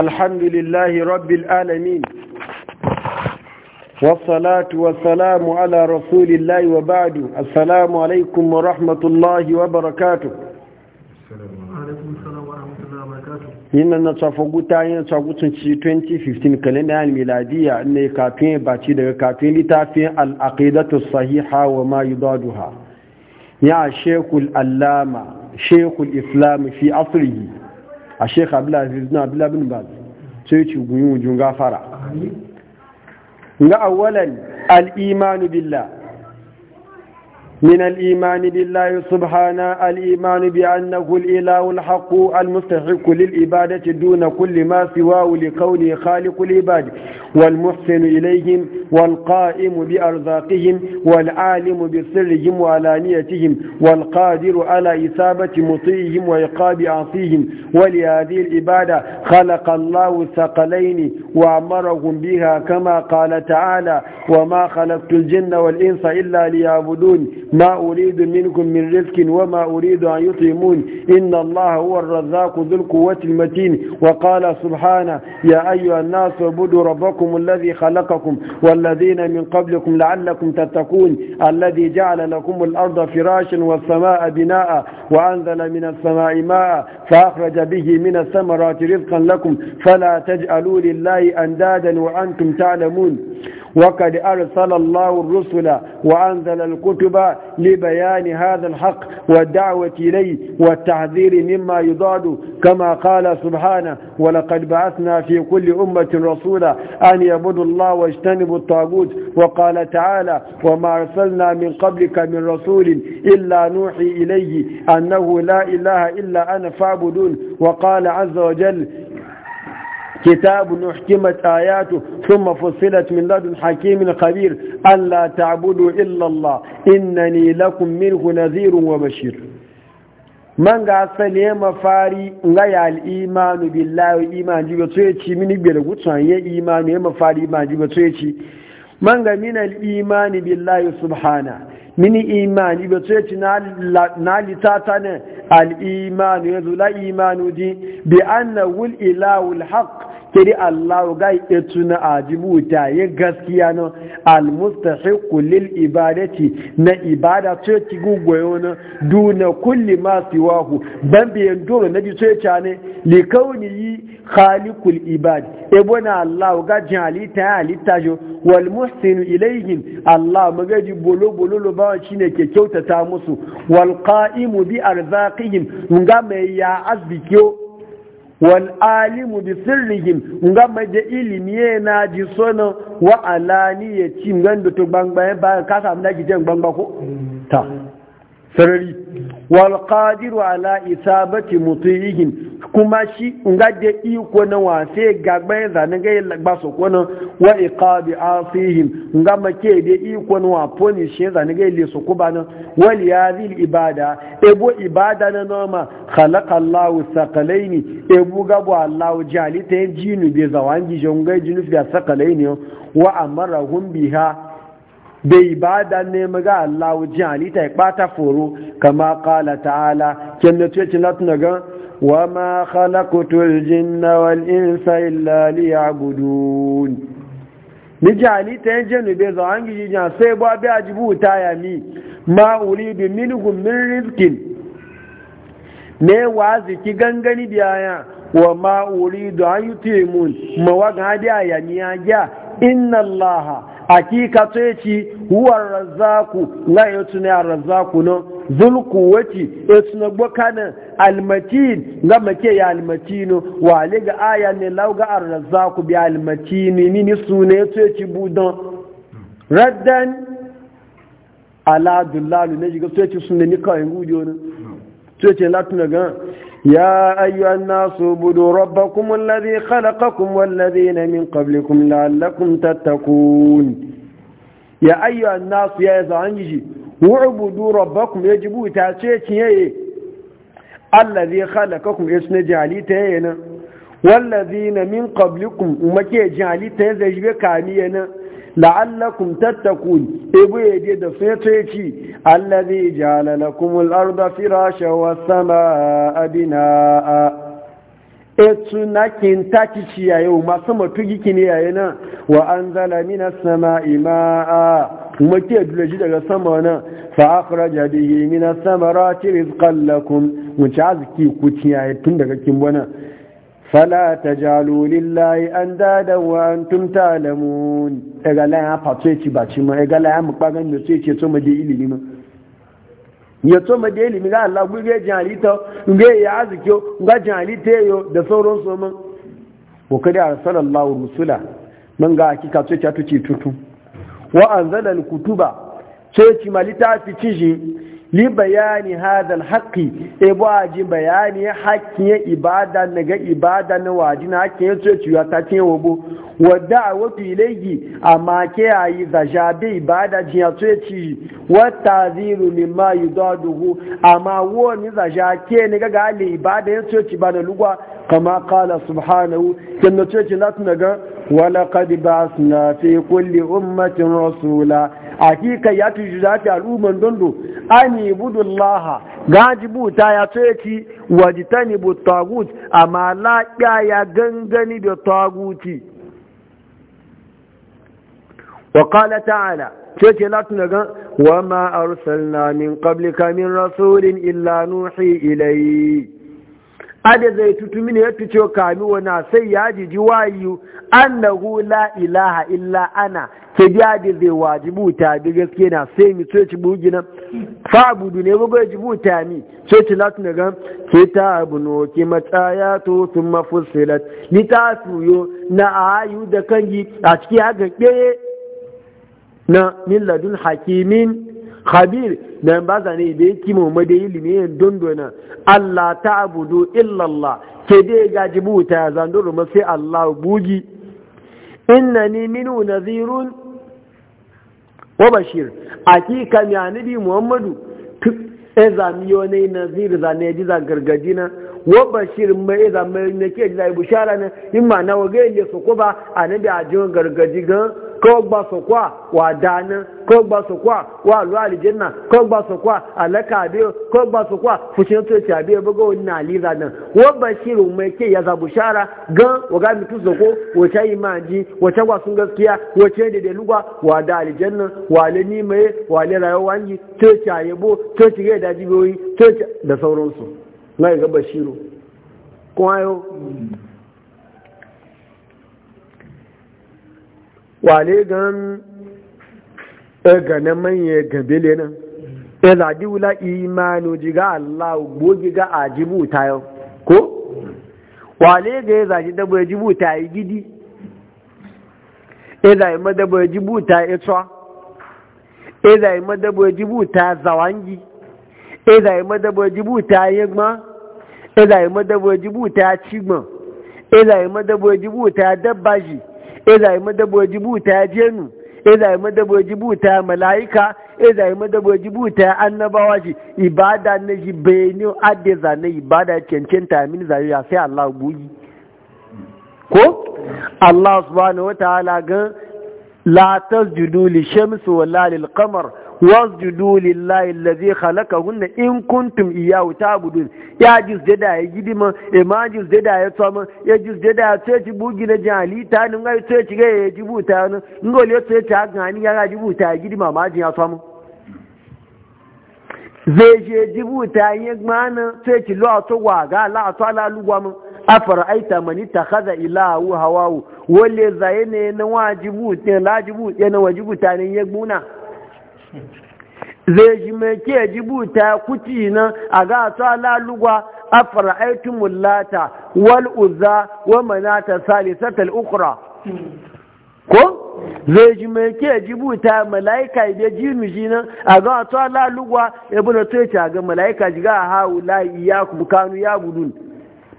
الحمد لله رب العالمين والصلاة والسلام على رسول الله وبعد السلام عليكم ورحمة الله وبركاته yin na tsafaguta yin tsagutun ci 2015 kalendar miladiya ne kafin baci daga kafin littafin al'aqidatu sahiha wa ma ya shekul allama shekul islam fi asrihi a sheikh abdulaziz na abdulabin baz sai ci guyun jun gafara ga al al'imanu billah من الإيمان بالله سبحانه الإيمان بأنه الإله الحق المستحق للإبادة دون كل ما سواه لكونه خالق العباد والمحسن إليهم والقائم بأرزاقهم والعالم بسرهم وعلانيتهم والقادر على إصابة مطيعهم وإقاب عصيهم ولهذه العبادة خلق الله الثقلين وأمرهم بها كما قال تعالى وما خلقت الجن والإنس إلا ليعبدون ما أريد منكم من رزق وما أريد أن يطعمون إن الله هو الرزاق ذو القوة المتين وقال سبحانه يا أيها الناس اعبدوا ربكم الذي خلقكم والذين من قبلكم لعلكم تتقون الذي جعل لكم الأرض فراشا والسماء بناء وأنزل من السماء ماء فأخرج به من الثمرات رزقا لكم فلا تجعلوا لله أندادا وأنتم تعلمون وقد أرسل الله الرسل وأنزل الكتب لبيان هذا الحق والدعوة إليه والتحذير مما يضاد كما قال سبحانه ولقد بعثنا في كل أمة رسولا أن يعبدوا الله واجتنبوا الطاغوت وقال تعالى وما أرسلنا من قبلك من رسول إلا نوحي إليه أنه لا إله إلا أنا فاعبدون وقال عز وجل كتاب أحكمت آياته ثم فصلت من لدن حكيم خبير ألا تعبدوا إلا الله إنني لكم منه نذير وبشير man ga asali mafari nga ya al'imanu billahi iman ji ba tsoye ci mini biyar gutsan ya imanu iman ji ba tsoye ci man ga subhana mini imani ba tsoye na litata ne al'imanu ya zula imanu di bi anna wul ilawul haq kiri Allah ga etu na ajibu ta ya gaskiya na almustahiqu lil ibadati na ibada ce ci gugwayo na duna kulli ma siwahu ban biyan duro na ji ce cha ne li yi khaliqul ibad e na Allah ga halitta ya halitta jo wal muhsinu ilayhim Allah magaji bolo bolo ba ne ke kyautata musu wal qa'imu bi arzaqihim ga mai ya azbikyo wal alimu bi sirrihim nga maje ilimi yana ji sono wa alani ya ci ngando to gbangba ba ka samu da gidan gbangba ko ta sarari wal qadiru ala isabati mutiihim kuma shi nga da iko na wafe gagba yanzu zane ga ba lagba ko na wa iqabi asihim nga make de iko na wa poni shi zane ga yin su ba? na wal yazil ibada ebo ibada na noma khalaqa Allahu sakalaini ebo gabo Allahu jali ta jinu be zawangi jonga jinu fi sakalaini wa amarahum biha bai ibada ne maga ga Allah wajen halitta ya ɓata foro kama kala ta'ala kyan da tuyaci latin daga وما خلقت الجن والإنس إلا ليعبدون نجعلي تنجن بيزعان جيجان سيبوا بيعجبو تايامي ما أريد منهم من رزق ne wazi ki gangani biyaya wa ma uridu an yutimun ma wa gadi ayaniya ya inna allaha hakika to yace huwa arzaku la yutuna razzaku no zulkuwaci esuna gbokanin almatin ga make ya almatino wale ga aya ne lauga a razzaku bi almatini mini suna e e e ya tuye ci budon raddan aladullalu ne shiga tuye ci suna ni kawai gudu ne tuye ci latuna gan ya ayyu an nasu budu rabbakum wallazi khalaqakum wallazi na min qablikum la'allakum tattakun ya ayyu an nasu ya yi zaun wa'budu rabbakum yajibu ta ce kiyaye allazi khalaqakum yasna jalita yana wallazina min qablikum umake jalita zai jibe kami yana la'allakum tattakun ibu yaje da Allah allazi jala lakumul arda firasha was samaa binaa etu na kinta kici yayo masu matugi kini yayi nan wa an zala mina sama ima'a kuma ke dulaji daga sama nan fa akhraja bihi mina samarati rizqan lakum wuce ci azki ku ci yayi tun daga kin bana fala jalo lillahi dada wa antum ta'lamun daga la ya fa ce ci ba ci ma daga la ya mu pagan da ce ce so mu je ilimi ma to ma da ilimi ga Allah gwi ga to ga ya azikyo ga jalita yo da sauran su mun wa kada arsalallahu rusula mun ga hakika to ta tuci tutu wa anzala alkutuba sai ci malita fi ciji li bayani hadal e haqqi e ba ji bayani haƙƙin ibada na ga ibada na waji na haƙƙin ya ta ce wabo wadda a wato ilayi amma ke a yi zasha ibada ji ya ci wata ziru ne ma yi daduhu amma wani zasha ke ne ga gali ibada ya tsoci ba da lugwa kama kala subhanahu kyan na ci na tunaga wala kadi ba suna fi kulli ummatin rasula hakika ya tuji zafi al'umman dondo an yi budun laha gajibu ya tsoyaci wajitani bu tagut amma laƙa ya gangani da taguci. wa kala ta'ala ce ce latin daga wa ma arsalna min qablika min rasulin illa nuhi ilayi ade zai tutu mini ya tuce kami wana sai ya jiji wayu annahu la ilaha illa ana ke biya da zai wajibu ta bi gaske na sai mi so ci bugi na. fa abudu ne ba bai jibu ta mi so ci ke ta abuno ke matsaya to sun mafusilat ni ta suyo na ayu da kangi a ciki haka ke na milladun hakimin khabir da ba zane da yake mu da ilimi yin dondona Allah ta abudu illallah ke dai gajibu ta zanduru ma sai Allah bugi innani minu nazirun wa bashir akika mi anibi muhammadu ezamiyo eh, ne nazir zane ji za gargaji na wa bashir mai iza mai ne ke jira bishara ne in ma na wage ne su a ba annabi a jin gargaji gan ko ba su kwa wa dana kogba ba su kwa wa lu aljanna ko ba su kwa alaka biyo ko ba su kwa fushin a biyu buga wani na liza nan wa mai ke ya za bushara gan waga mitu su ko wace ji wace gwa sun gaskiya wace da deluwa wa da aljanna wa lani mai wa le rayuwa wangi tsoci a yabo tsoci ta ga da jiboyi tsoci da sauransu na ga Kuma kwayo wale gan e ganin manyan gabele nan ya e zaɗi wula imanu jiga Allah gbo jiga a jibuta yau ko wale ga ya e zaɗi dabo ya jibuta yi gidi ya zaɗi madabo ya jibuta ya tsawa ya zaɗi madabo ya jibuta zawangi Iza yi madabojibu ta yi gbọ́n iza yi madabojibu ta ci gbọ́n iza yi madabojibu ta dabba shi, iza yi madabojibu ta jenu iza yi madabojibu ta mala'ika iza yi madabojibu ta annabawa shi. ibada na shi benin adiza na ibada cancan tamin zayi ya fi allah guji ko allah subhanahu wa ta'ala gan la tasjudu li shamsi wala lil kamar. wasjudu lillahi allazi khalaqahunna in kuntum iyyahu ta'budun ya jus da ya gidima e ma jus da ya tsama ya jus da ya tsaye bugi na jali ta nun ga tsaye ci ga ya jibuta nun ngo le tsaye ta gani ya ga jibuta ya gidima ma jin ya tsama zai je jibuta ya gmana tsaye ci lo to wa ga la to ala lugwa mu mani, man ittakhadha ilahu hawa, wale zaye ne na wajibu ne lajibu ne wajibu tanin ya gmuna zai shi mai ke jibuta kuti nan a ga sa lalugwa a fara'aitun lata wal uzza wa manata salisatal ukura, ko zai shi mai ke jibuta mala'ika da jirmiji nan a ga sa lalugwa ya bi na ga mala'ika ji ga hau layi ya kanu ya gudun,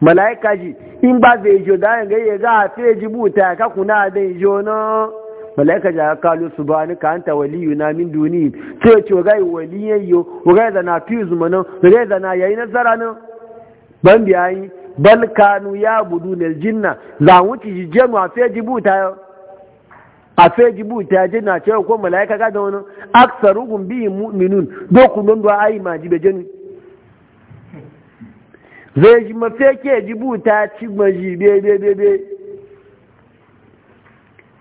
mala'ika ji in ba zai jo da yanga ya ga fe jibuta ka kuna da jo nan malaika ja kalu subhanaka anta waliyuna min duni ce ce gai waliyayyo gai da na fi zumanan gai da na yayi nasara nan ban biya yi bal kanu ya budu nel jinna za wuce jijjenu a fe jibuta a fe jibuta jinna ce ko malaika ga da wani aksaruhum bi mu'minun don duwa ayi ma jibe jinni zai ji mafe ke jibuta ci maji bebe bebe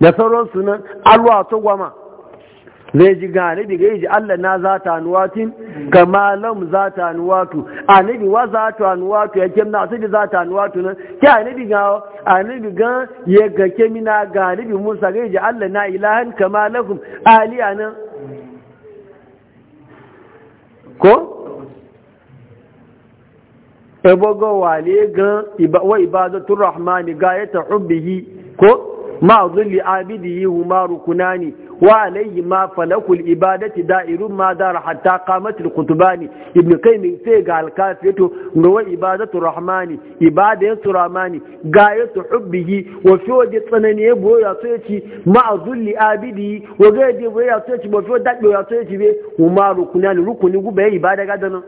da sauransu nan alwa to gwama zai ji gane ga yi ji Allah na za ta nuwatin kama lam za ta nuwatu a nabi wa za ta nuwatu ya kem na su ji za ta nuwatu nan ki a nabi ga a nabi ga ya ga kemi na musa ga yi ji Allah na ilahan kama lakum aliya nan ko ebogo wale gan wa ibadatu rahmani gayata hubbihi ko ma zulli abidihi huma rukunani wa alayhi ma falakul ibadati da'irun ma dar hatta qamatil qutbani ibn qayyim sai ga alkafiyatu ga wa ibadatu rahmani ibadatu rahmani gayatu hubbihi wa fi wadi tsanani boya so yaci ma zulli abidihi wa ga yadi boya so yaci bo fi wadi ya so yaci be huma rukunani rukuni gube ibada gadana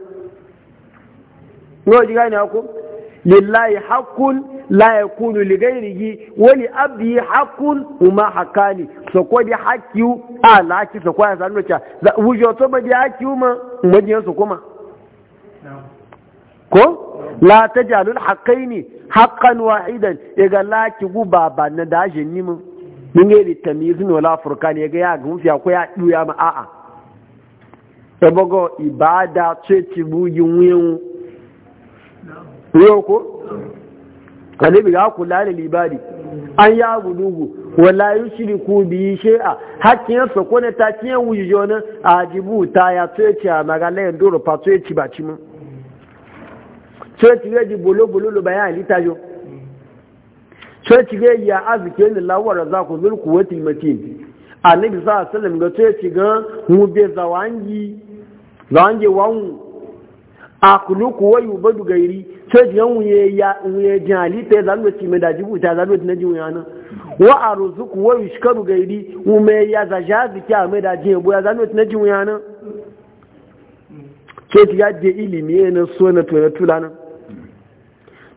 ngo jiga ina ku lillahi haqqun la ya kunu ligairigi wani abdi hakun kuma hakani so ko di hakiu a la haki so ko ya sanu cha wujo to ba di hakiu ma majiyan su kuma ko la tajalu al-haqqaini haqqan wahidan iga la ki guba ba na da jinni mu min ga tamyizun wala furqan iga ya ga fi ko ya duya ma a'a e bogo ibada ce ti bu yin wiyu ko kalibi ga kula da libadi, an ya gudugu wala yushriku bi shay'a hakkin sa ko ne ta kiyan a jibu ta ya tsoci a magala doro fa tsoci ba ci mun tsoci ga ji bolo bolo lo bayan alita jo tsoci ga ya azike ni lawar za ku zul kuwatil a annabi sa sallam ga tsoci ga mu be zawangi zawangi wan akulu kuwa yubadu gairi sai yan wuye ya wuye jali ta zanu ci mai daji buta zanu na ji wuya nan wa arzuku wa yushkaru gairi ume ya za jazi kya mai daji ya buya zanu na ji wuya nan ke ti ya je ilimi ne so na to na tula nan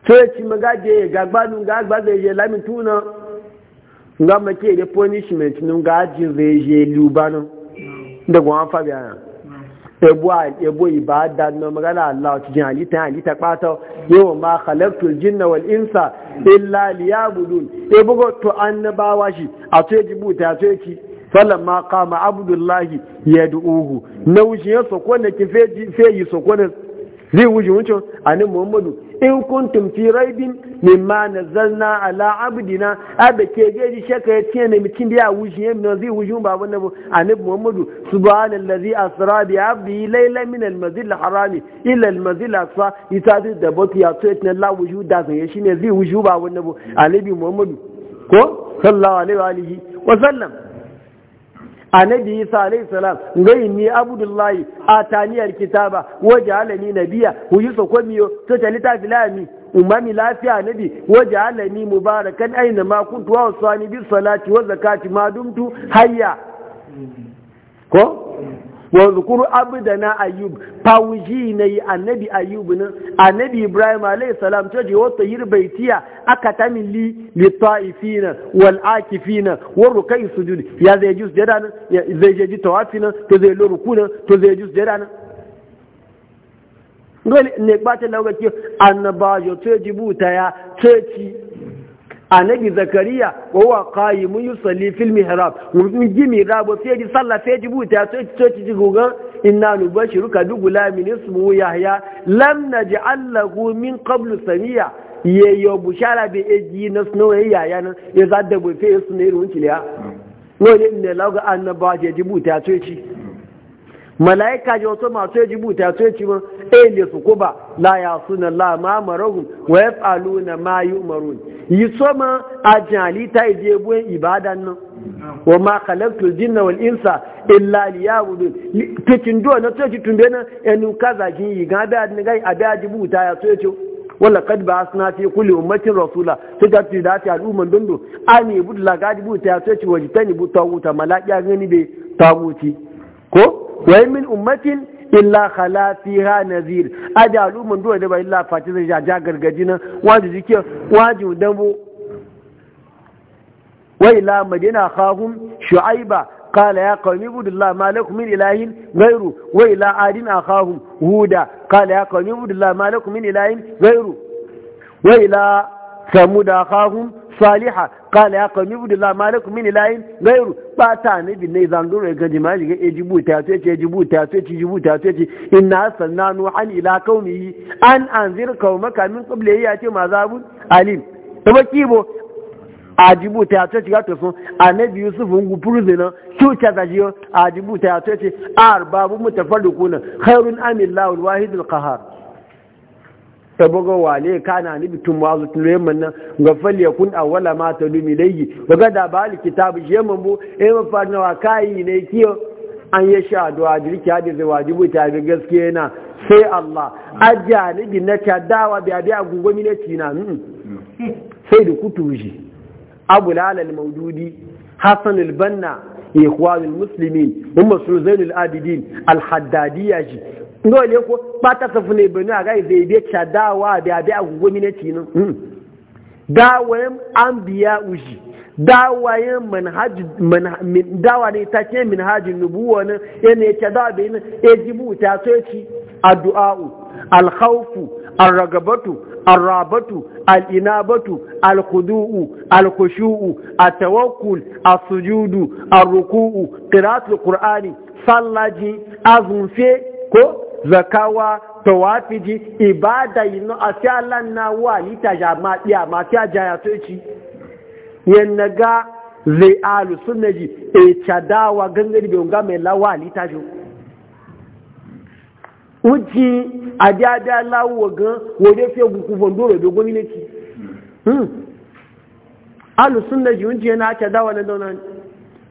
sai ci maga je gagba nun gagba da je lami tuna ngam ke da punishment nun ga ji zai je lubanan da gwan fa biya ebo ibada na magana Allah cikin halitta halitta kwata yau ma khalaqtul jinna wal insa illa liyabudun ebo go to annabawa shi a to yaji buta to yaki ma kama abdullahi yad'uhu naushe sokone ki feji feyi sokone zai wuce wancan anin muhammadu in kuntum fi raibin mimma nazzalna ala abdina abe ke geji shaka ya tiye ne mutum biya wuce yamma na zai wuce babu nabu anin muhammadu subhanallazi asra bi abdi layla min almazil harami ila almazil aqsa itadi da batu ya to etin la wuce da san ya shine zai wuce babu nabu anabi muhammadu ko sallallahu alaihi wa alihi wa sallam annabi isa alayhi salam ngai ni abdullahi atani alkitaba waje alani nabiya huyi sokomiyo to talita filami umami lafiya nabi waje alani mubarakan aina ma kuntu wa sani bi salati wa zakati ma dumtu hayya ko wa zukuru abdana ayyub fawuji na yi annabi ayyub na. annabi ibrahim alayhi salam ta je wata yir baitiya aka tamilli li ta'ifina wal akifina wa rukai sujud ya zai ji sujada nan zai je ji tawafi nan to zai lo ruku nan to zai ji sujada nan dole ne ba ta lauga ki annabawa to jibuta ya ceci anabi zakariya wa mun qayimu yusalli fil mihrab mun ji mihrab sai ji sallah sai ji buta sai ci ci ji gogan inna nubashiruka bi gulamin ismu yahya lam naj'al lahu min qablu samiya ye yo bushara bi eji na ya yaya nan ya zadda bu sai su ne hmm. ruwan kiliya no ne ne lauga annaba je ji buta sai e ci hmm. malaika ji wasu masu ya ji su ya ci ma ɗaya e su ba la ya suna la ma marahun wa ya tsalu na ma yi yi soma a jalita ta je buwan ibadan nan wa ma khalaqtul jinna wal insa illa liya'budun cikin do na to cikin be nan en ka zaki yi ga da ni ga ada jibuta ya to ce wala kad ba'athna fi kulli ummatin rasula to ga ti da ta al'umman dondo ani budla ga ta ya to ce wajitani butawuta malaka gani be tawuti ko wa min ummatin illa khalafi ha nazir a da alumun duwa da bai illa fati zai jaja gargaji na. waji jike waji dambo wai la madina khahum shu'aiba qala ya qaumi budullah ma lakum min ilahin ghairu wai la adin khahum huda qala ya qaumi budullah ma lakum min ilahin ghairu wai la da samudakahum saliha kala ya kawai mibu dila malakum mini layin gairu ba ta ne bin ne zangaro ya gaji ma shiga ejibu ta ce ce ejibu ta ce ce ejibu ta ce ce inna sanna nuhan ila kaumihi an anzir kauma ka min kuble ya ce ma zabu alim to ba kibo ajibu ta ce ce gato sun annabi yusuf ungu purzina ki ta da jiyo ajibu ta ce ce arbabu mutafarriquna khairun amillahu alwahidul qahhar ta buga wale kana ni bitun wazu tulo yamman nan ga fal yakun awwala ma talumi layyi ba gada bal kitab yamman bu eh mafarna wa kai ne kiyo an ya sha addu'a dirki hadin da wajibu ta ga gaskiya na sai Allah ajalibi na ta dawa bi abi agungo na ne tina sai da kutuji abu lalal maududi hasan albanna ikhwanul muslimin umma suzanul abidin alhaddadiyaji ngo le ko pata safu ne bani aga ibe ibe chadawa bi abi agugo minati no hmm. dawayen biya uji dawayen manhaj dawa ne ta ce minhajin nubuwa ne yana ya ce dawa bai ya ejibu ta so ci al alkhawfu al arrabatu al'inabatu tawakkul a sujudu a ruku'u qira'atul qur'ani sallaji azunfe ko zakawa tawafiji ibada yinu a Allah na wa lita ja ma ɗiya ma fi aja ya to ci yan na ga zai alu sun na ji e cadawa gangar biyu ga mai lawa lita shi uji a dada lawo gan wode fi gugu fondoro da hmm alu sun na ji uji na daunan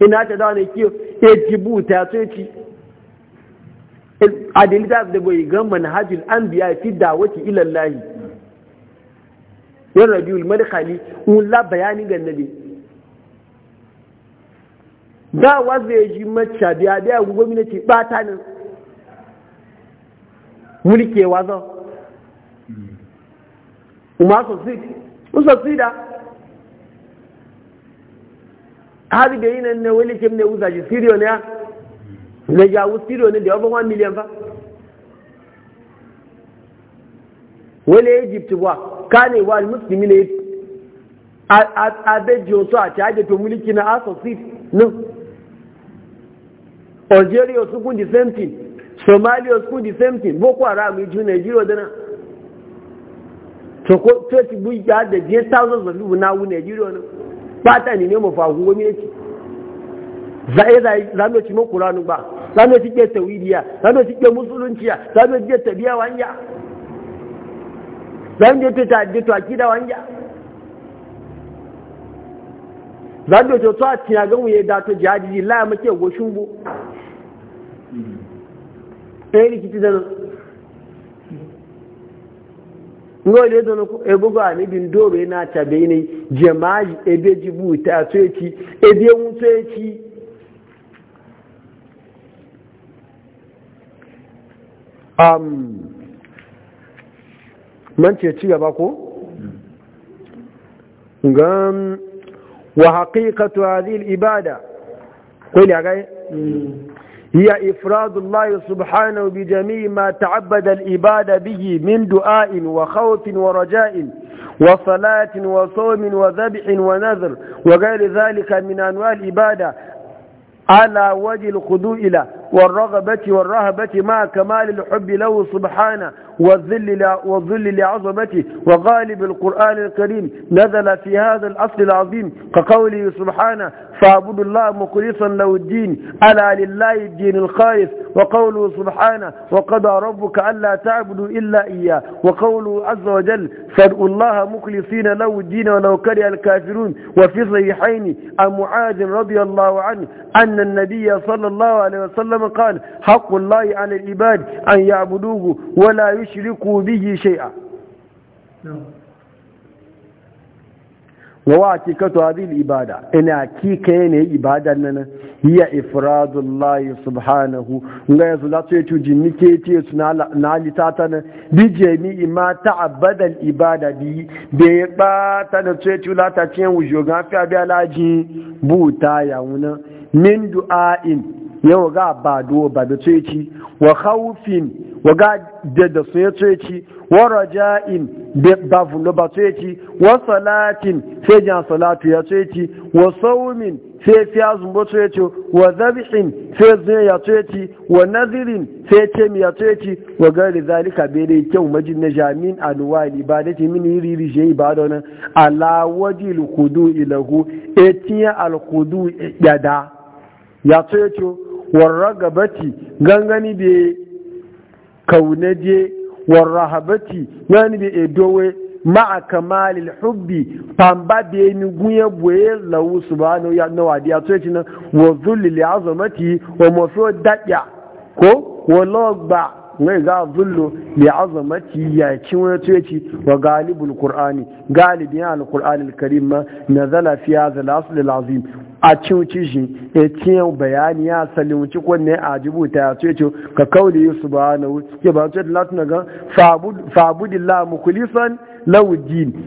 ina cadawa ne kiyo e to ci adilita da bai gan manhajul biya fi dawaki ilallahi yan rabiul malikali un la bayani ga nabi da ya ji macca biya biya gwamnati ta nan mulke wazo umma so sit usa sida hadi da yinan ne wali kim ne uzaji siriyo ne na jawo siro ne da yawon 1 miliyan fa wale egypt wa kane wa musulmi ne abeji otu a ci ajeto mulki na asosif no algeria su kun di same thing somalia su kun di same thing boko haram iju nigeria dana to ti bu ya da je thousands of people na wu nigeria no pata ni ne mo fa hu gomi ne za e za za mo ci mo kuranu ba sanu ti je tawidiya sanu ti je musulunciya sanu ti je tabiya wanja sanu ti ta je to akida wanja zando to to atiya ga mu ye da to jadi la mu ke go shugo eh rikiti da ngo le dono ko ebugo ani bin doro ina tabe ni jemaji ebeji buta to eki ebi enwu to eki man ci gaba ko? gan wa haƙiƙatu hadhihi ibada ko ne ga hiya ifradullahi subhanahu bi jami'i ma ta'abbada ibada bihi min du'a'in wa khawfin wa raja'in wa salatin wa sawmin wa dhabhin wa nadhr wa ghayri zalika min anwa' ibada ala wajhi al ila والرغبة والرهبة مع كمال الحب له سبحانه والذل والذل لعظمته وغالب القرآن الكريم نزل في هذا الأصل العظيم كقوله سبحانه فاعبدوا الله مخلصا له الدين ألا لله الدين الخالص وقوله سبحانه وقضى ربك ألا تعبدوا إلا إياه وقوله عز وجل فادعوا الله مخلصين له الدين ولو كره الكافرون وفي صحيحين عن معاذ رضي الله عنه أن النبي صلى الله عليه وسلم وسلم قال حق الله على العباد أن يعبدوه ولا يشركوا به شيئا wa hakikatu hadhihi ibada ina hakika ne ibada nan hiya ifradullah subhanahu nga yazo la to tu jinnike ti suna na litata nan bi jami'i ma ta'abbada al ibada bi be ba ta da to tu la ta cin wujo ga fi abi alaji buta ya wuna min du'ain yau ga ba duwa ba da wa haufin wa ga da da tsoyaci wa raja'in da ba fulo ba tsoyaci wa salatin sai jan salatu ya tsoyaci wa saumin sai fiya zumbo tsoyaci wa zabihin sai zuya ya wa nazirin sai mi ya tsoyaci wa gari zalika bai dai kyau majin na jamin anuwa ibadati min yiri rishe ibada wani ala waji alkudu ilahu etiyan alkudu yada ya tsoyaci warragabati gangani be kaunaje warrahabati gangani be edowe ma'a kamalil hubbi pamba be ni guye boye lawu subhanahu ya nawa dia to yace nan wa zulli li azamati wa mafi dadya ko wa logba ngai ga zullu li azamati ya ci wani to wa galibul qur'ani galibin alqur'anil karim ma nazala fi hadha al-asl al-azim a cinci shi ya ciyan bayani ya asali wuce kwanne a jibu ta ya ce ka kauli yi su ba na wuce ba ce lati na gan fabudillah mukulisan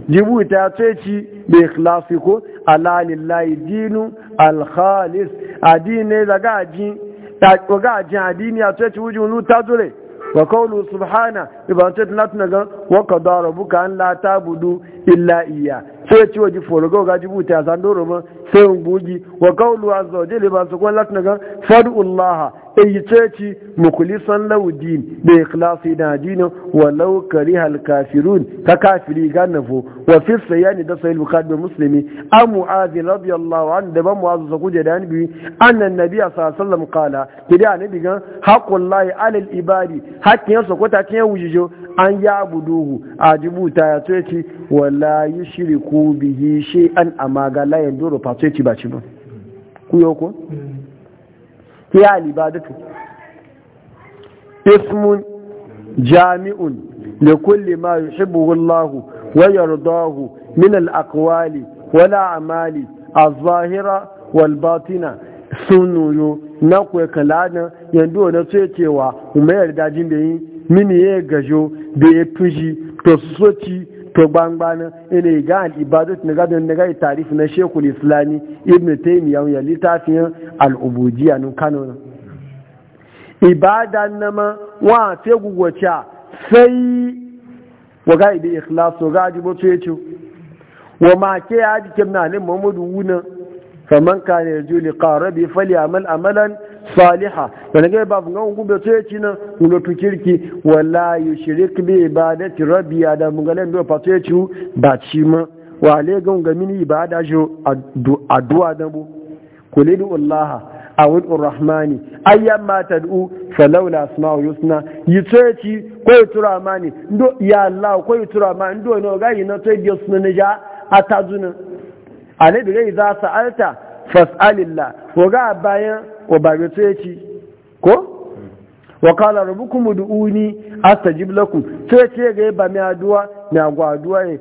jibu ta ya ce ci da ikhlasi ko alalillahi dinu alkhalis adini daga ajin daga ajin adini ya ce ci wujin ta zure wa kaulu subhana ibn tatlat naga wa qadara buka an la tabudu illa iya. sai ci waje forogo ga jibuta buta san doro ma sai un bugi wa qawlu azza wa jalla ba su ko latna ga fadullah e eh, yace ci mukhlisan lahu din bi ikhlasi da wa law kariha al kafirun ka kafiri ga nafo wa fi sayani da sahih bukhari da muslimi an mu'adh radiyallahu an da ba mu'adh su kuje da nabi annan nabi sallallahu alaihi wasallam qala kidi nabi ga haqqullahi alal ibadi hakkin su kota kin wujijo an ya buduhu a jibuta ya ce ci wala yushriku ku bihi shi an amaga ya yanzu ba ya ci ba ci ba ku yau ko ya libadatu ismun jami'un da kulle ma yuhibbuhu Allah wa yardahu min al-aqwali wal a'mali a zahira walbatina sunuyo na kwe kalana yadda wani so cewa umar dajin da yi mini ya gajo da ya fushi to su soci to gbangbana, ina ga al-ibadu na ga na ga tarif na shekul islami ibn taymiya ya littafin al nun kano ibada na ma wa fe gugwacha sai wa ga ibi ikhlas wa ga jibo to ce? wa ma ke ya jikin na ne muhammadu wuna faman kana yarju liqa fali amal amalan saliha wani gai ba fungan gube to yaci nan mulotu kirki wala yushrik bi ibadati rabbi adam ngalen do fa to yaci ba ci ma wa le gan ga mini ibada jo addu'a da bu kulidu allah awul rahmani ayyam ma tad'u falawla asma'u yusna yiteci ko yitura mani ndo ya allah ko yitura mani ndo no ga yi yina to dio sunna ja atazuna ale bi ga idza sa'alta fas'alillah ko ga bayan wa babe tsoyaci ko wa kala rabbukum ud'uni astajib lakum tsoyaci ga ba mi aduwa mi agwa aduwa e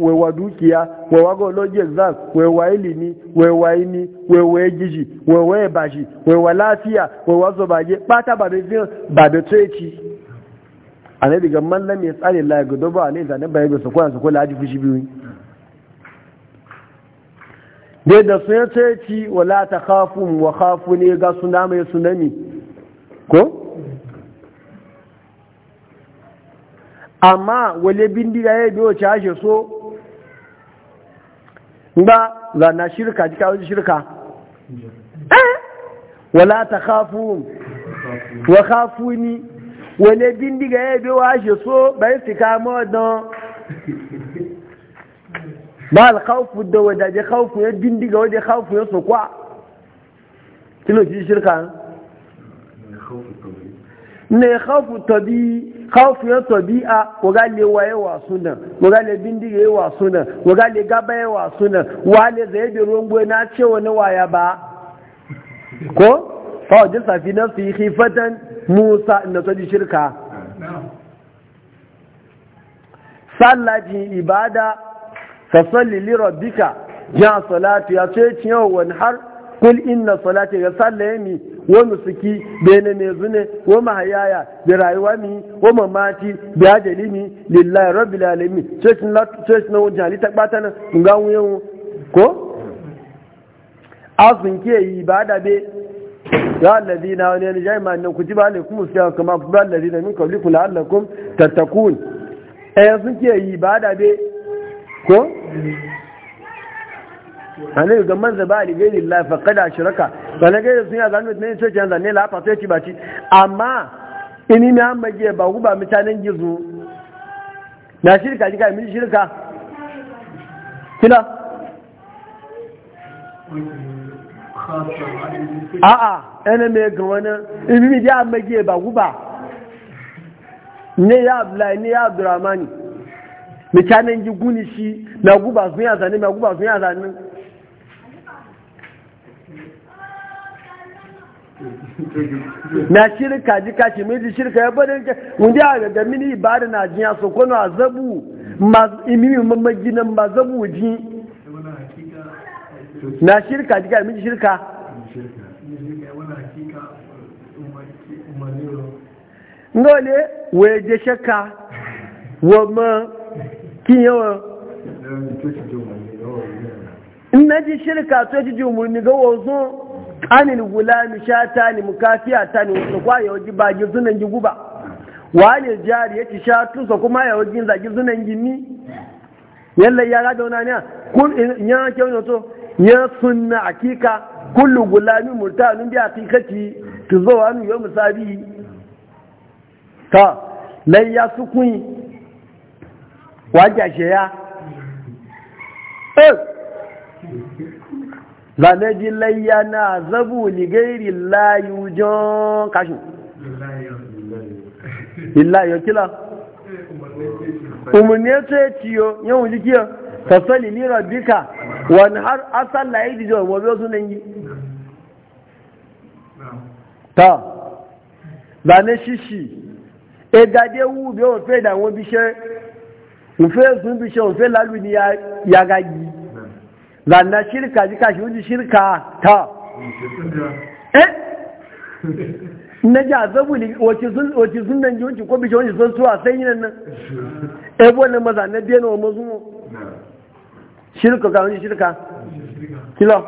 wa dukiya we wa go loji exam wa ilimi we wa ini we wa ejiji we wa ebaji we wa lafiya we wa zobaje ba babe zin babe tsoyaci annabi ga man lam yasali la gudu ba ne zane bai ga su kula su kula aji fushi biyu dai da sun yace ci wala ta khafun wa khafu ne ga suna mai tsunami ko amma wale bindiga ya biyo ci ashe so ba za na shirka jika wajen shirka eh? wala ta khafun wa khafu ne wale bindiga ya biyo ashe so bai su kama don ba alkhawfu da wadaje khawfu ya dindiga waje khawfu ya sokwa kilo ji shirka eh? ne khawfu tabi khawfu ya tabi'a waga le waye wa sunan waga le dindiga ya wa sunan waga gaba ya wa sunan wale zai da ruwan na ce wani waya ba ko fa wajen safi na fi khifatan musa na ta ji shirka sallaji ibada fasalli li rabbika ya salatu ya ce ciyan wani har kul inna salati ga sallaye mi wa nusuki da mai zune wa mahayaya da rayuwa mi wa mamati da ajali mi lillahi rabbil alamin church na wajen halitta bata nan ga wuyan ko azun ke yi ba da be ya alladina wani yana jami ma nan kutiba alaikum musliya kama kutiba alladina min qablikum la'allakum tattaqun eh sun ke yi ba da be ko hannun ga manza ba a ligari lafa kada shiraka sannan gaida sun yi a azanu ne ce can zanne lafa sai ci baci amma ini mai giya ba guba mutanen gizo na shirka jika min shirka kila a'a yana mai ga wani ibi ya giya ba guba ne ya abdullahi ne ya abdurrahmani mutanen ji guni shi na guba sun ya zane na guba sun ya zane na shirka ji kashi mai shirka ya bada ka wunde a gaga mini ibada na jiya so kono a zabu imimi mamaginan ba zabu ji na shirka ji kashi mai shirka ngole waje shakka wa ma kin yawa Ina ji shirka to ji ji umarni ga wazo anil gulami shata ni mukafiya ta ni wasu kwa ya waji ba gi zunan gi guba wa ne jari ya ci shatunsa kuma ya waji zagi zunan gi ni yalla ya gada wani ne kun ya ke wani to ya sunna hakika kullu gulami murtanun bi hakikati tuzo wa yau misali ta lai ya kun wájà ṣe yá lànàjí eh. láyá náà zọ́bù nìgẹ́rì láyú jọ́n káṣù ìláyọ̀ kílá umarni tó yẹ ci yo yawon ni wani har asalla ya ji jawon wabi nan yi ta zane shishi e dade wu bi o fe da wọn bi òfé ẹ̀sùn bí ṣe òfé lálù ní yaga yìí lànà ṣírkà jíkà ṣe oúnjẹ ṣírkà tà ẹ́ nẹ́jà àzọ́bù ní òtí sún oúnjẹ kó bí ṣe oúnjẹ sún àṣẹ́yìn náà ẹgbọ́n náà mọ́sà náà ẹ̀nà ọmọ sún mọ́ ká oúnjẹ ṣírkà kílọ̀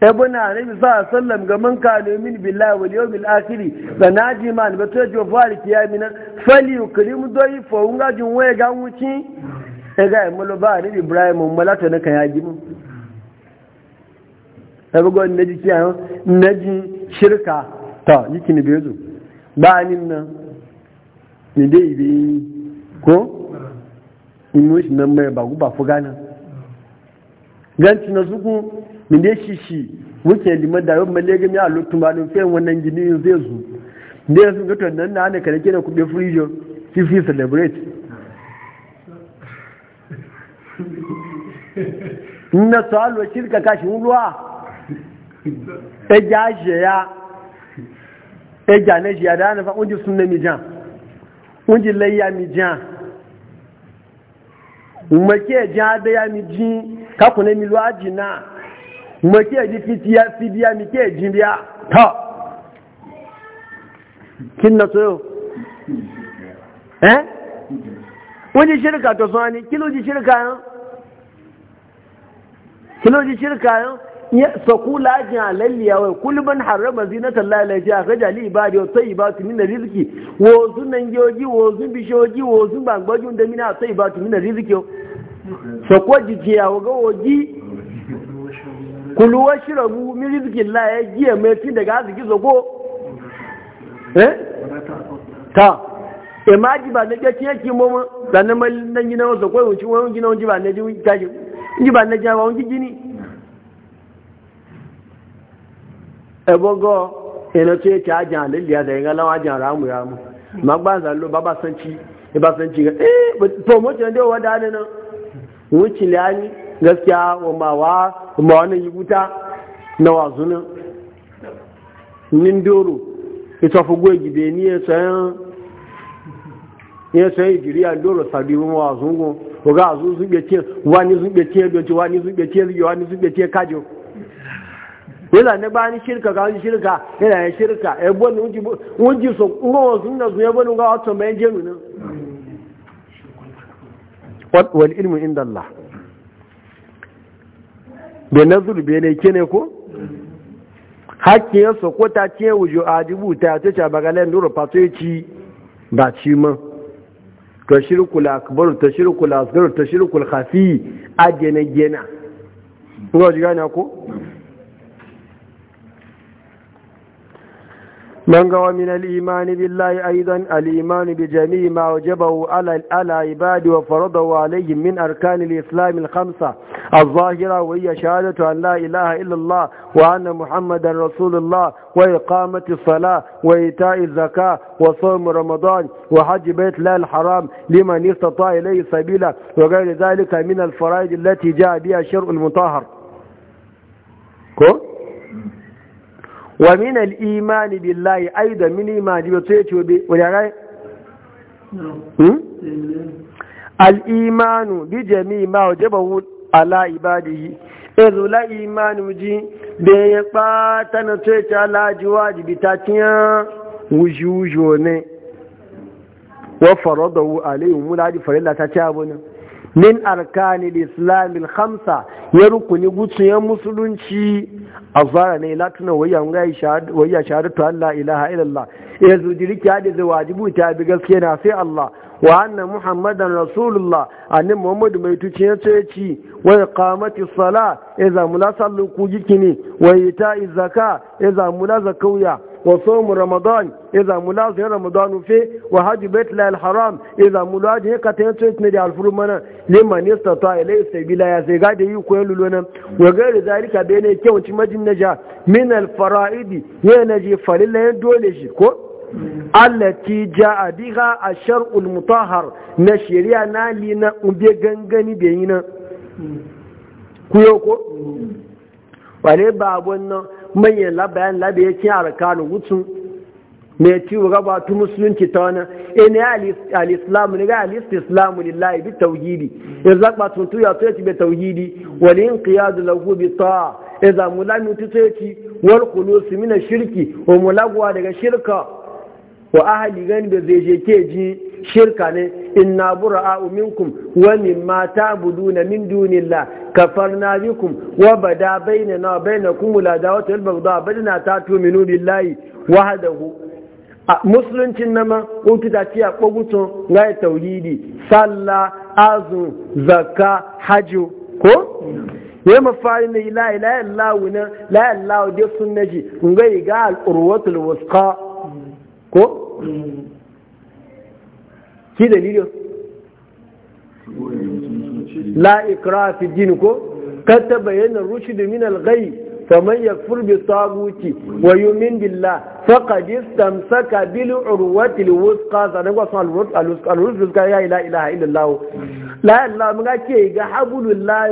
ebuna nabi sa sallam ga man ka min billahi wal yawmil akhir da naji man ba to jo fali kiyami nan fali ukrim doyi fo nga jun we ga wuci e ga mu lo ba nabi ibrahim mun malata na kan yaji mun sabu gon naji kiyan naji shirka to yiki ne bezo ba nin na ni dai bi ko inu shi nan mai ba ku ba fuga nan ganci na zuku min da shi shi wuce liman da yau malegin ya lotun ba don fiyan wannan gini zai zo. da ya sun gato nan na hana kare kira kuɗe frijo fifi celebrate na tsalo shirka kashi ruwa ẹja ṣẹ̀yà ẹja ní ṣe da ana oúnjẹ súnlẹ̀ sun na mijan lẹ́yà mi jàn mọ̀kí ẹ̀jẹ̀ adẹ́yà mi jín kákùnlẹ̀ mi lọ ájì jina? mace ẹ̀dí fitiya a mike ji biya ta kin na soyo eh wani shirka to so ni kilo ji shirka yan kilo ji shirka yan ya sakula ji halalliya wai kulban harama zinata Allah la ji aka jali ibadi wa tayyibatu min rizqi wo sunan yoji wo sun bishoji wo sun bangbaju da nínà kulu wa shirabu min rizqin la ya giya mai daga arziki zago eh ta e ma ji ba ne ke ke ki mo dan ma nan gina wa zago wuci wa gina wa ji ba ne ji ta ji ji ba ne ji ba wuci gini e bogo ina to yake ajan liliya da yanga lawa ajan ramu ramu Magbanza zallo baba sanci e ba sanci eh promotion dai wa da nan wuci lani gaskiya wa mawa ma wani yi wuta na wazunan nin doro ita goyi gibe ni ya sayan ya sayan ijiriya doro sabi wa wazungun oga azu zube ce wani zube ce doci wani zube ce zuge wani zube ce kajo yana ne ba ni shirka ka ni shirka yana ya shirka e bon unji unji so ngo sunna zuye bon ga wato mai jenu ne wal ilmu inda Allah da nazur bai ne kene ko hakkin ya soko ta ce wujo a dubu ta ce ta bagalen nuru fatoci ba ci ma ta shirkul akbar ta shirkul asgar ta shirkul khafi a gene gena ko ji gane ko من قوى من الإيمان بالله أيضا الإيمان بجميع ما وجبه على على عباده وفرضه عليهم من أركان الإسلام الخمسة الظاهرة وهي شهادة أن لا إله إلا الله وأن محمدا رسول الله وإقامة الصلاة وإيتاء الزكاة وصوم رمضان وحج بيت الله الحرام لمن استطاع إليه سبيلا وغير ذلك من الفرائض التي جاء بها الشرع المطهر. wa min al-imani billahi aidan min imani bi to yace be wani rai hmm? al-imanu bi jami'i ma ala ibadihi ezu la imanu ji be ya pata na to yace ala wajibi ta tiya wujujo ne wa farilla ta min arkanil islamil khamsa ya rukuni ya musulunci a zara ne latuna wayya shahadatu Allah ilaha illallah ya zujiri ki hadi zai wajibu ta bi gaske na sai Allah wa anna muhammadan rasulullah annin muhammadu mai tuci ya ce ci wa iqamati sala ya zamula sallu ku ne. wa ita ya zamula zakauya wa somu ramadan idza mulazu ya ramadan fi wa hajj bait al haram idza mulazu ya katan tsoyi ne da alfurmana liman yastata ilay sabila ya sai gade yi koyo lulona wa gairi zalika bene kyauci majin naja min al faraidi ya naji falilla dole shi ko allati ja'a biha ash-shar'ul mutahhar na shari'a na lina ube da nan manyan labayan labaye ya cin arkanin wutsun mai ciwo gabatu musulunci ta wani ina eh, ya al'islamu ne ga al'islamu lillahi bi tauhidi ya zaɓa tun tuya ci bi tauhidi wani yin kiyadu lagu bi ta ya zamu lami tuto ya ci wal su mina shirki wa mulagwa daga shirka wa ahali gani da zai je ke ji shirka ne inna bura'u minkum wa mimma na min kafar na bikum wa bada bainana wa baina la dawata al baghdha badna ta'tuminu billahi a musuluncin nama kuka ta ciya na ga tauridi, salla azu zakka hajju ko ya mafari na ilahi la yallahu na la yallahu dai sunnaji ngai ga al'urwatul urwatul ko ki dalilin la ikra fi din ko kad bayyana rushd min al-ghayb faman yakfur bi taguti wa yu'min billah faqad istamsaka bil urwati al-wuthqa sanan ko san al-wuthqa al-wuthqa ya ila ilaha illa allah la ilaha allah mun ga ke ga habulullah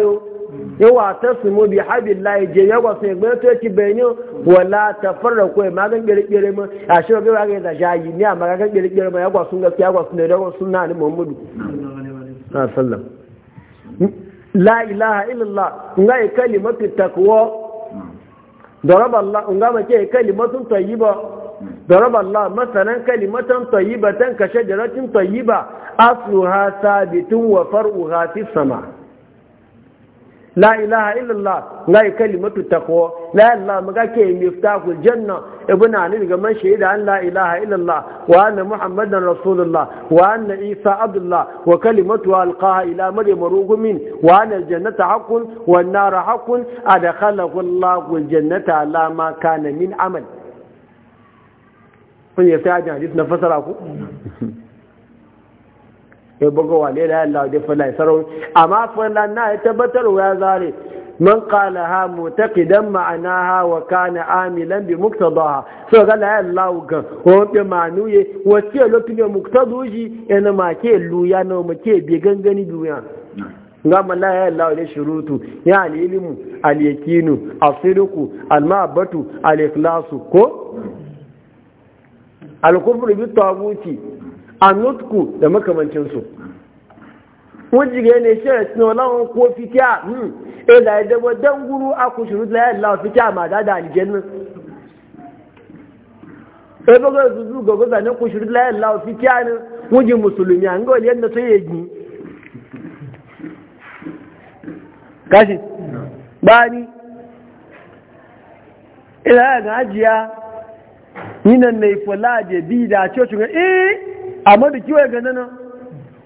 yawa ta su mu bi habillahi je yawa sai gbe ki benyo wala tafarraku ma gan gere mu a shi ga ga da jayi amma ga gere gere mu yawa sun gaskiya yawa sun da sunna ni muhammadu sallallahu la ilaha illallah ngai kalimatu taqwa daraba allah ngama ke kalimatu tayyiba ضرب الله مثلا كلمة طيبة sama. la ilaha illallah ngai kalimatu taqwa la allah maga ke miftahul janna ibn ali ga man shaida an la ilaha illallah wa anna muhammadan rasulullah wa anna isa abdullah wa kalimatu alqaha ila maryam rugumin wa anna aljannata haqqun wan nar haqqun adkhalahu allah aljannata ala ma kana min amal kun hadith na fasara ku ya buga wa da Allah da lai sarau amma lan na ya tabbatar wa zare man qala ha mutaqidan ma'anaha wa kana amilan bi muktadaha so ga la Allah ga ko bi manuye ce lokin ne muktaduji ina ma ke luya na ma ke bi gangani duya nga ma la Allah ne shurutu ya alilmu alyakinu asiruku almabatu alikhlasu ko alkufru bi tabuti anutku da makamancinsu wujige ne shirin tinolan ko fitiya hmm e da ya dabo don guru a ku shuru da ya ma da da aljanna e ba ga su zuga goza ne ku shuru da ya wujin musulmi an ga yadda to ya gi kashi bani ajiya yinan ne fula da da cewa eh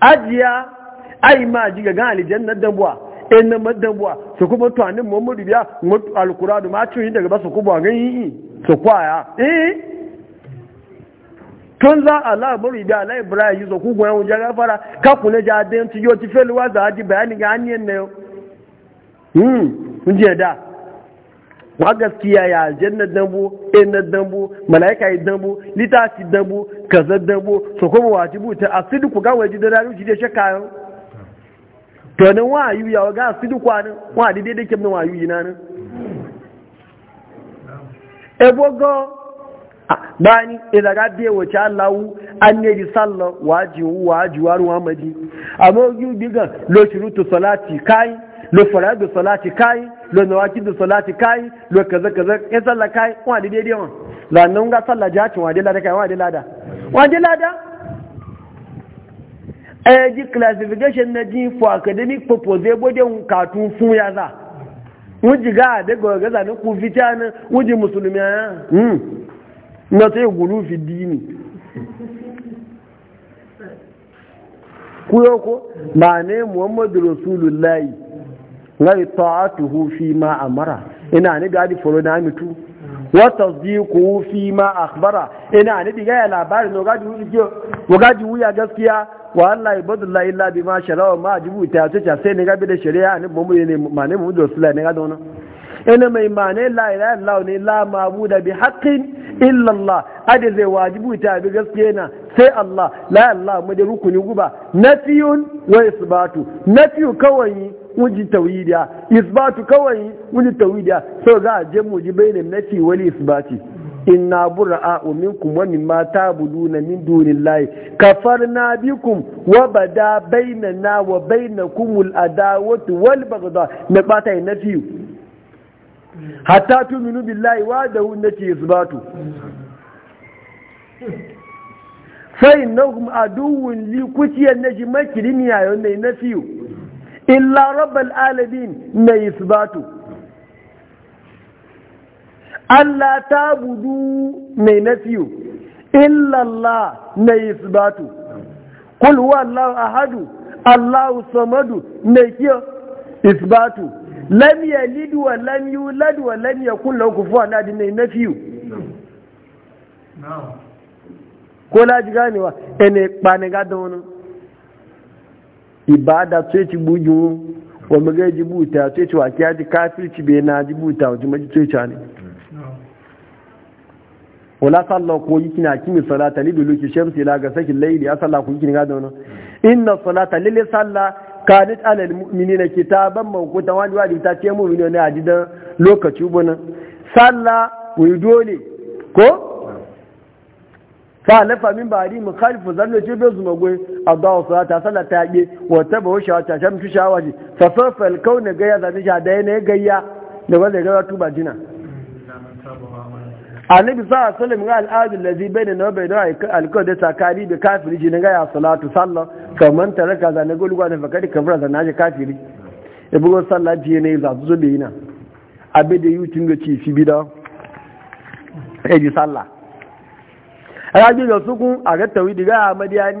ajiya ai ma ji ga gan aljannar dabuwa in na madabuwa su kuma tuwanin muhammadu biya alkuradu ma cin yi daga basu kuma gan yi su kwaya eh tun za a labaru biya ala ibrahim yi zoku gwayan wujen gafara na jaden yau ci feluwa za a ji bayani ga na yau hmm kun je da wa gaskiya ya jannat dambu innat dambu malaika yi dambu litasi dambu kaza dambu so ko wajibu ta asidu ku ga waji da raru da shakka yau to nan wa ayu ya ga asidu kwanin wa dai dai kin nan wa ayu yana nan ebogo bani idaga biye wace allahu an ne di sallah wajibu wajibu wa muhammadi amma yubi ga lo shurutu salati kai lo faradu salati kai lo nawakidu salati kai lo kaza kaza ya salla kai wa da daidai wa lannan ga ja jacin wa da lada kai wa da lada wa da lada eh ji classification na di for academic purpose de un cartoon fun ya za ji ga go ga za na ku fitana wuji musulmi ya hm na te gulu fi dini kuyo ko ne muhammadu rasulullahi ngai ta'atuhu fi ma amara ina ni gadi foro na mitu wa tasdiquhu fi ma akhbara ina ni diga ya labarin no gadi wuje wa gadi wuya gaskiya wa Allah ibadullah illa ma shara'a ma jibu ta ta sai ni gabi da shari'a ni mu ne ma ne mu da sula ne gadi wannan ina mai mane la ilaha illallah ne la ma mabuda bi haqqin illa Allah ade zai wajibu ta bi gaskiya na sai Allah la Allah mu da rukuni guba nafiyun wa isbatu nafiyu kawai wuji tawhidiya isbatu kawai wuji tawhidiya so a je muji ji bainin nafi wani isbati inna bura'a'u minkum wa mimma ta'buduna min dunillahi kafarna bikum wa bada bainana wa bainakumul adawatu wal baghda na bata nafi hatta tuminu billahi wa da nafi isbatu fa innahum aduwwun li kutiyan najma kirimiya yawon nafiyu illa rabbal alamin na isbatu Allah ta budu mai nafiyu illa Allah na isbatu kul huwa Allahu ahadu Allahu samadu na kiyo isbatu lam yalid wa lam yulad wa lam yakul lahu kufuwan ahad mai nafiyu ko laji ganewa ene ba ne ga wani ibada tsoye ci buju wa maga ji buta tsoye ci waki ya ji kafirci bai na ji buta wajen maji tsoye ci ne wala sallah ko yi kina kimi salata li duluki shamsi la ga sakin laili a sallah ko yi kina gada wani inna salata lili sallah kanit alal mu'minina kitaban mawquta wani wadi ta ce mu'minina ne a jidan lokaci bana Salla ku dole ko fa lafa min bari mu khalifu zallo ce bai zuma goyi su ta sana ta ge wa taba a shawata sham tu shawaji fa sarfa al kauna gaya zabi sha da yana gaya da wanda gaba tuba jina bi sa salim ga al'adun lazi bai na nawa bai da tsakani da kafiri ji na gaya salatu sallah kaman taraka zane gulgwa da fakari kafira zana shi kafiri ibugo e sallah ji ne za su yi na abin da yi wucin ga ci fi bida ya e ji sallah rajin da kun a ga tawidi ga a ni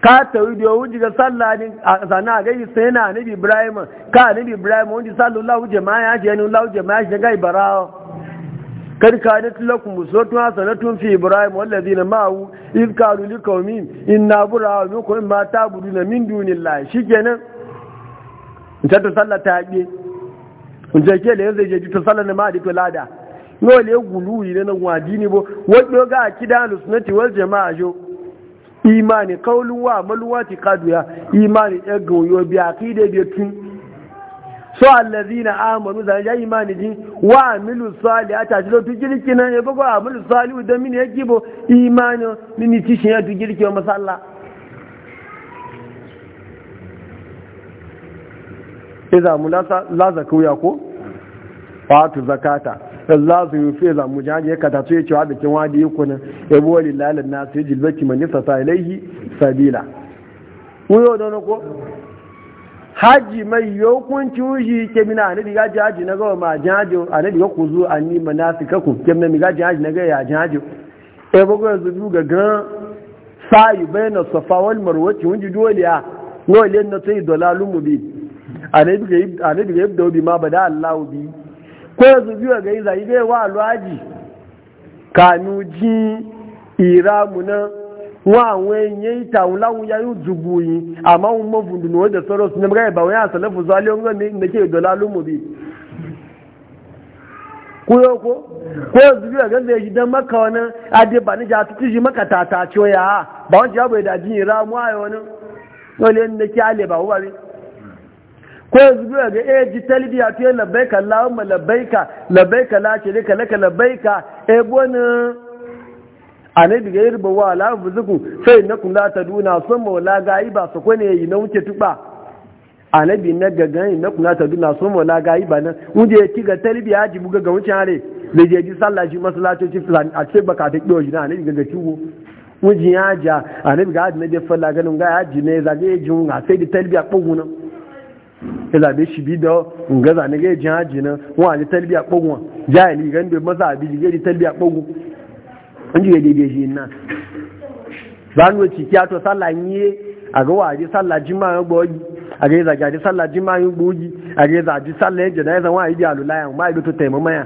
ka ta ya wuji ga sallah ni a sana ga yi sai na nabi ibrahim ka nabi ibrahim wani Sallah lahu jama'a ya ce ni lahu jama'a ya ga ibarawo musu kanat lakum uswatun tun fi ibrahim walladhina ma'ahu iz qalu liqaumin inna bura'a minkum ma ta'buduna min shi shikenan in ta sallah ta haƙe in je ke da yanzu je ta sallah na ma da to lada no le gulu yi na wa dini bo wato ga akida alusunati wal jama'a jo imani qawlun wa amalun wa ya imani ego yo bi akide bi tun so allazina amanu zan ya imani din wa amilu salihata ti lo tujiri kinan e bogo amilu salihu da mini yake bo imani mini ti ya tujiri ki masalla iza mulasa la zakuya ko wa tu zakata za su yi fiye za mu jihadi ya kata su ya cewa da kin wadi kunan ya bi wani lalin na su yi jilbaki mani sa ilaihi sabila wuyo don ko haji mai yokunci wuji ke mina a nadi gaji haji na gawa ma jihaji a nadi ga ku zo a ni manasika kaku ke mina gaji haji na gaya ya jihaji ya bugu zubi duga gan sayi bayanar safa wal marwaci wunji dole ya ngole na sai dalalun bi, a nadi ga yi bi ma bada allahu bi ko yanzu biyu ga yi zai kanu ji iramu na wa wen yi ta wula ya yi zubu yi amma un mafi dunuwa da na bugai ba wani asalafu zuwa leon gami da ke dolalu mu bi kuyo ko ko yanzu biyu ga zai maka wani adi ba ni ja tutu shi maka ya ba a ko yanzu zuwa ga eh ji talbiya to eh, labbaika allahumma labbaika labbaika la sharika laka labbaika e eh, bonin ane diga yarba wa la buzuku sai na kula ta duna sun mola gayi ba su kone yi na wuce tuba anabi na gagan na kula ta duna sun mola gayi ba nan wuje ya ci ga talbiya ji buga ga wuce hare da je ji sallah ji masallaci a ce baka ta kiyo ji na anabi ga ga Mun ji ya ja anabi ga na je falla ganin ga ya ji ne zage ji mun ga sai da talbiya bugu ilabe shi bi da nga zane ga jin haji nan wa ji talbiya kogun jahili gan da maza abi ji ji talbiya kogun an ji dai dai na zanu ci kiya to sallah yi a ga waje sallah jima'a yi, a ga zaga ji sallah jima'a yi, a ga za ji sallah janaza wa yi alu layan ma ibi to taimamaya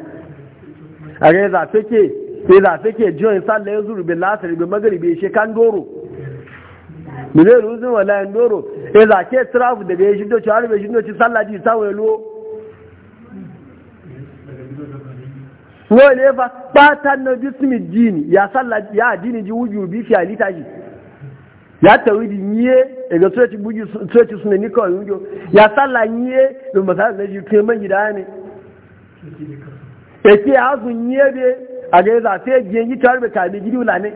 a ga za fake sai za fake jiyon sallah zuru bil lasar bil magribi she kan doro mine ruzin wala yin doro ya e, zake tirafu daga ya shindo ci har bai shi ci sallaji sawo ya lo wani fa batan na bismi jini ya sallaji ya dini ji wuju bi fi halita shi ya tawidi nye e ga tsoci buji tsoci suna ni kawai wujo ya salla nye da masana na shi kai man gida ne ya e, ke hasu nye be a ga ya zafe gengi tare da kabe gidi wula ne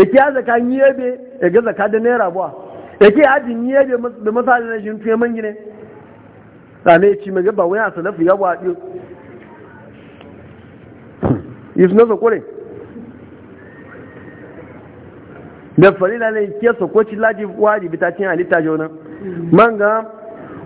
yake ya zaka yi yabe ya ga zaka da naira buwa yake ya ji yabe da misalin na shi tuye man gine sane ci mai ba wani a salafi ya buwa biyu. Hmm. yusuf na sokore da farila ne ke sokoci laji ta cin halitta jona man ga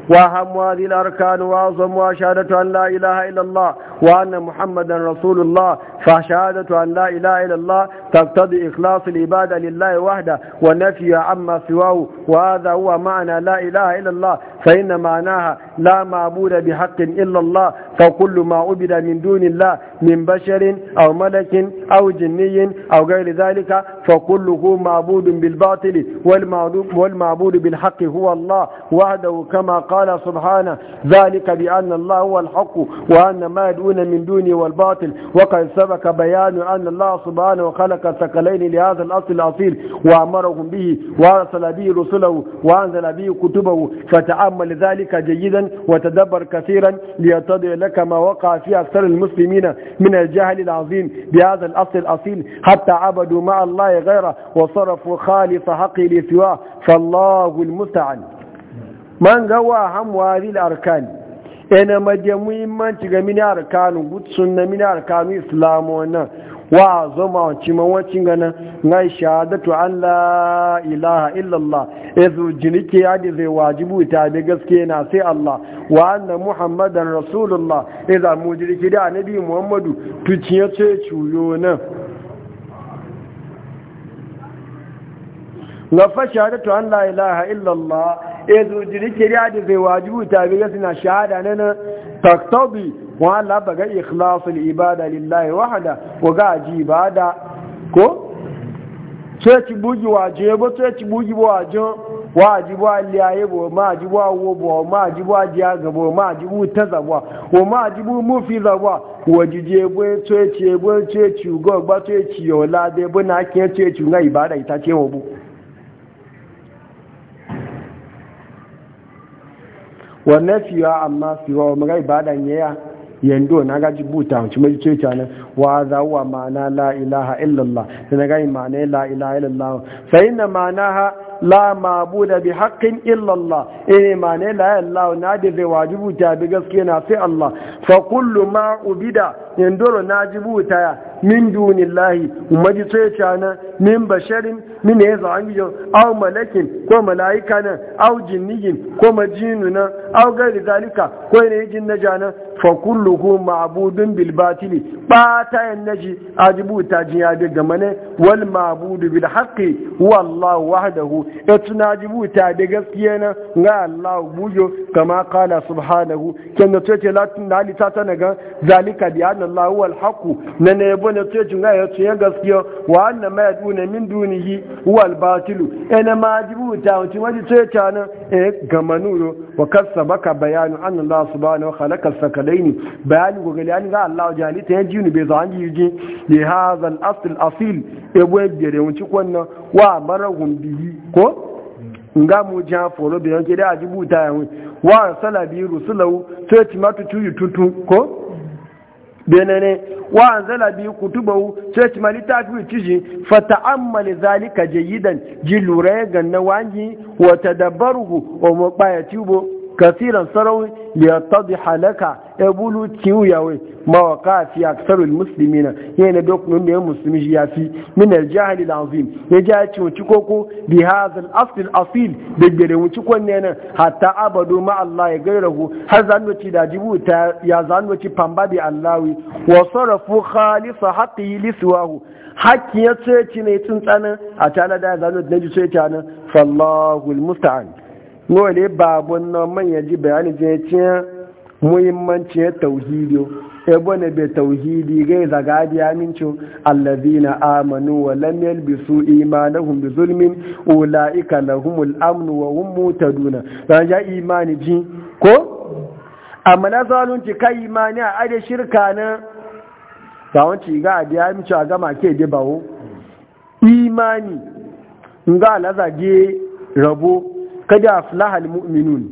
wa hamwa zilar kanuwa zama shahadatu an la ilaha illallah وأن محمدا رسول الله فشهادة أن لا إله إلا الله تقتضي إخلاص العبادة لله وحده ونفي عما سواه وهذا هو معنى لا إله إلا الله فإن معناها لا معبود بحق إلا الله فكل ما عبد من دون الله من بشر أو ملك أو جني أو غير ذلك فكله معبود بالباطل والمعبود بالحق هو الله وحده كما قال سبحانه ذلك بأن الله هو الحق وأن ما يدعون يدعون من دونه والباطل وقد سبق بيان أن الله سبحانه وخلق الثقلين لهذا الأصل الأصيل وأمرهم به وأرسل به رسله وأنزل به كتبه فتأمل ذلك جيدا وتدبر كثيرا ليتضع لك ما وقع في أكثر المسلمين من الجهل العظيم بهذا الأصل الأصيل حتى عبدوا مع الله غيره وصرفوا خالص حقي لسواه فالله المستعان من قوى هم هذه الأركان yana maje muhimmanci ga mini arkanu gutsun na mini arkanu islamu wannan wa zama wacce mawacin gana na shahadatu an la ilaha illallah ya zo jinike ya da zai wajibu ta da gaske na sai Allah wa na muhammadan rasulullah ya zamu jirki da annabi muhammadu ya ce cuyo nan na fa shahadatu an la ilaha illallah e jiri kiriya da zai wajibu bi ga suna shahada na na taktobi wa Allah ba ga ikhlasul ibada lillahi wahada wa ga ji ibada ko sai ci bugi waje bo sai ci bugi waje wajibu aliyaye bo majibu awo bo majibu ajiya gabo majibu tazabwa wo majibu mufi zabwa wajije bo tsoye ci bo tsoye ci go gba tsoye ci yola de bo na ke tsoye ci nga ibada ita ce wo bu wa nafiya amma siwa wa magai badan yaya yando na gaji buta wacce mai ce ta nan wa za wa ma'ana la ilaha illallah sai na gai ma'ana la ilaha illallah fa ma'ana ha! la mabuda bi haqqin illa Allah eh ma la Allah na da zai wajibu ta bi gaske na sai Allah fa kullu ma ubida yandoro najibu ta min dunillahi umaji sai ta na min basharin min ya za an gijo aw malakin ko malaika na aw jinniyin ko majinu na aw gari zalika ko ne jin na jana, fa kulluhu ma'budun bil batili ba ta yan naji ajibu ta jiya bi gamane wal ma'budu bil haqqi huwa Allah wahdahu ya tuna jibuta da gaskiya na ga Allah bujo kama kala subhanahu kan da ce latin da halitta ta naga zalika bi anna Allah huwa al-haqu na ne yabo na ce ga ya gaskiya wa anna ma yaduna min dunihi huwa al ina ma jibuta wuce wani ce ta E, gamanuro wa kasa baka bayanu an Allah subhanahu wa khalaqa ne bayani go gali an ga Allah jani ta yaji ni bai za yiji li hadha ne ha zan asil e bo bere won ci kwanna wa marahum bihi ko nga mu ja foro be ke da ta yawon wa sala rusulahu sai timatu tuyu tutu ko benene wa anzala bi kutubahu church mali fi tiji fa ta'ammal zalika jayidan ji lura ga na wangi wa tadabbaruhu wa mabaya tubo kasiran sarawi liyattadiha laka ebulu kiwu yawe ma waka fi aksarul muslimina yana dokumin da musulmi shi yafi min al-jahl al-azim ya ja ci wuci koko bi hadha al-asl al-asil da gare wuci konne nan hatta abadu ma Allah ya gairahu har zanwaci da jibuta ya zanwaci pamba bi Allahi wa sarafu khalisa haqi liswahu hakki ya ce ne tsuntsanin a tana da zanwaci da ji ce tana fallahu al-musta'an ngole babun nan man ya ji bayani je muhimmanci Ya tauhidi ebo ne be tauhidi ga zaga di amincin allazina amanu wa lam yalbisu imanahum bi zulmin ulaika lahumul amn wa hum mutaduna dan ja imani ji ko amma na zalunci kai imani a ade shirka na zawanci ga adi amincin a gama ke de bawo imani nga lazage rabo kada aflaha almu'minun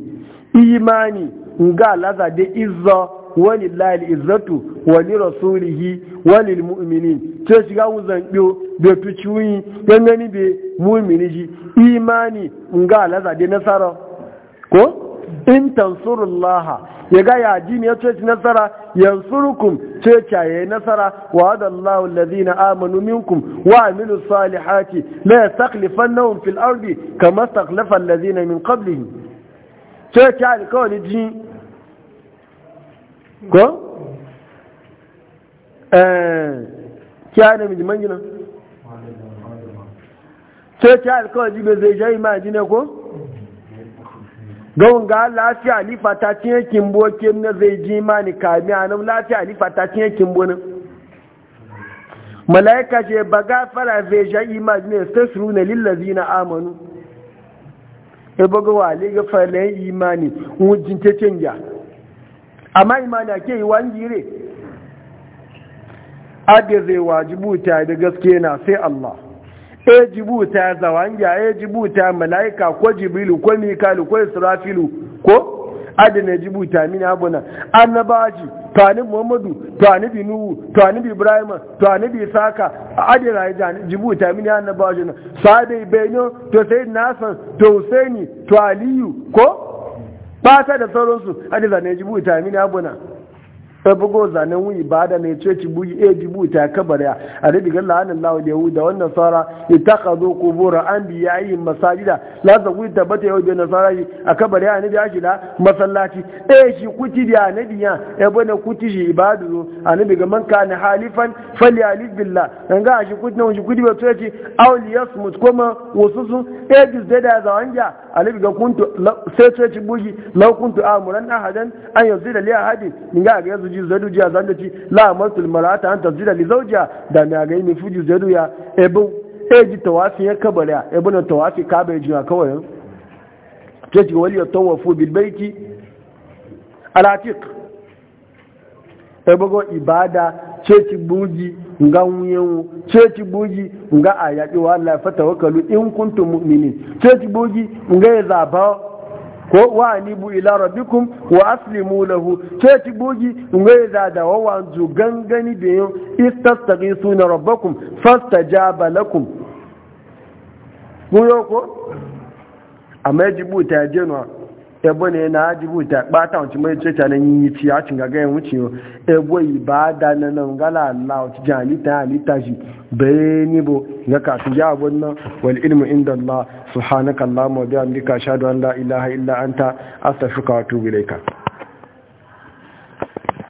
imani nga laza de izza walillahi izzatu wa li rasulihi wa lil mu'minin to shiga wuzan biyo be dan gani be mu'mini ji imani nga laza de nasara ko in tansurullaha ya ga ne ya ce nasara ينصركم تيكاية نصرة وهذا الله الذين آمنوا منكم وعملوا الصالحات لا يستخلفنهم في الأرض كما استخلف الذين من قبلهم تيكاية لكول الجين كو كيانا آه. من جمانجنا تيكاية لكول الجين بزيجاية ما جينيكو gawun ga lafiya alifa ta cinye kimbo ke na zai ji mani kami a nan lafiya alifa ta cinye kimbo nan malaika ce ba gafara zai sha imani ne sai suru na lillazi na amanu e ya baga wa aliga falayen imani wujin ta canja amma imani ake yi wani jire adda zai wajibu ta da gaske na sai Allah e jibuta zawanja e jibuta malaika ko jibilu ko mikalu ko israfilu ko adana jibuta mini abuna annabaji to ani muhammadu to ani bi to ani bi ibrahima to ani isaka adana ya jibuta mini annabaji na sahabe benyo to sai nasan to husaini to aliyu ko ta da sauransu adana jibuta mini abuna sai bugo zanen wuyi ba da mai ce buyi e eh, jibu ta kabar ya a da diga la'anin lawa da yahuda wannan sara ya taka zo kubura an biya yi masajida la za ku tabbata yau da nasara yi a kabar ya nabi ashi da masallaci e shi kuti da nabi ya e bane kuti shi ibadu zo a ga man kana halifan fali alif billah dan ga shi kuti na shi kuti ba to yace awli yasmut kuma wasusu e eh, bizda da zawanja a nabi ga kuntu sai ce buyi law kuntu amuran ahadan an yazida li hadin, ga ga yanzu fuji zadu jiya zan da ci la amartul marata an tasjida li zawjiha da na ga ni fuji zadu ya ebu eji tawafi ya ebu na tawafi ka jiya kawai ce ci wali tawafu bil baiti al ebu go ibada ce ci buji nga wuyewu ce ci buji in kuntum mu'minin ce ci buji ya zaba ko wa anibu ila rabbikum wa aslimu lahu ce ti bogi ngai da da wawan zu gangani da yin istastaghisuna rabbakum fastajaba lakum ko amma jibu ta ebo ne na ajibu ta bata wancin mai cece nan yi ci a cin gagayen wuce yau ebo da na nan gala Allah wacce ji halitta halitta shi bai ni bo ga kasu ya wannan wal ilmu inda Allah subhanaka Allahumma wa bihamdika ashhadu an la ilaha illa anta astaghfiruka wa atubu ilayka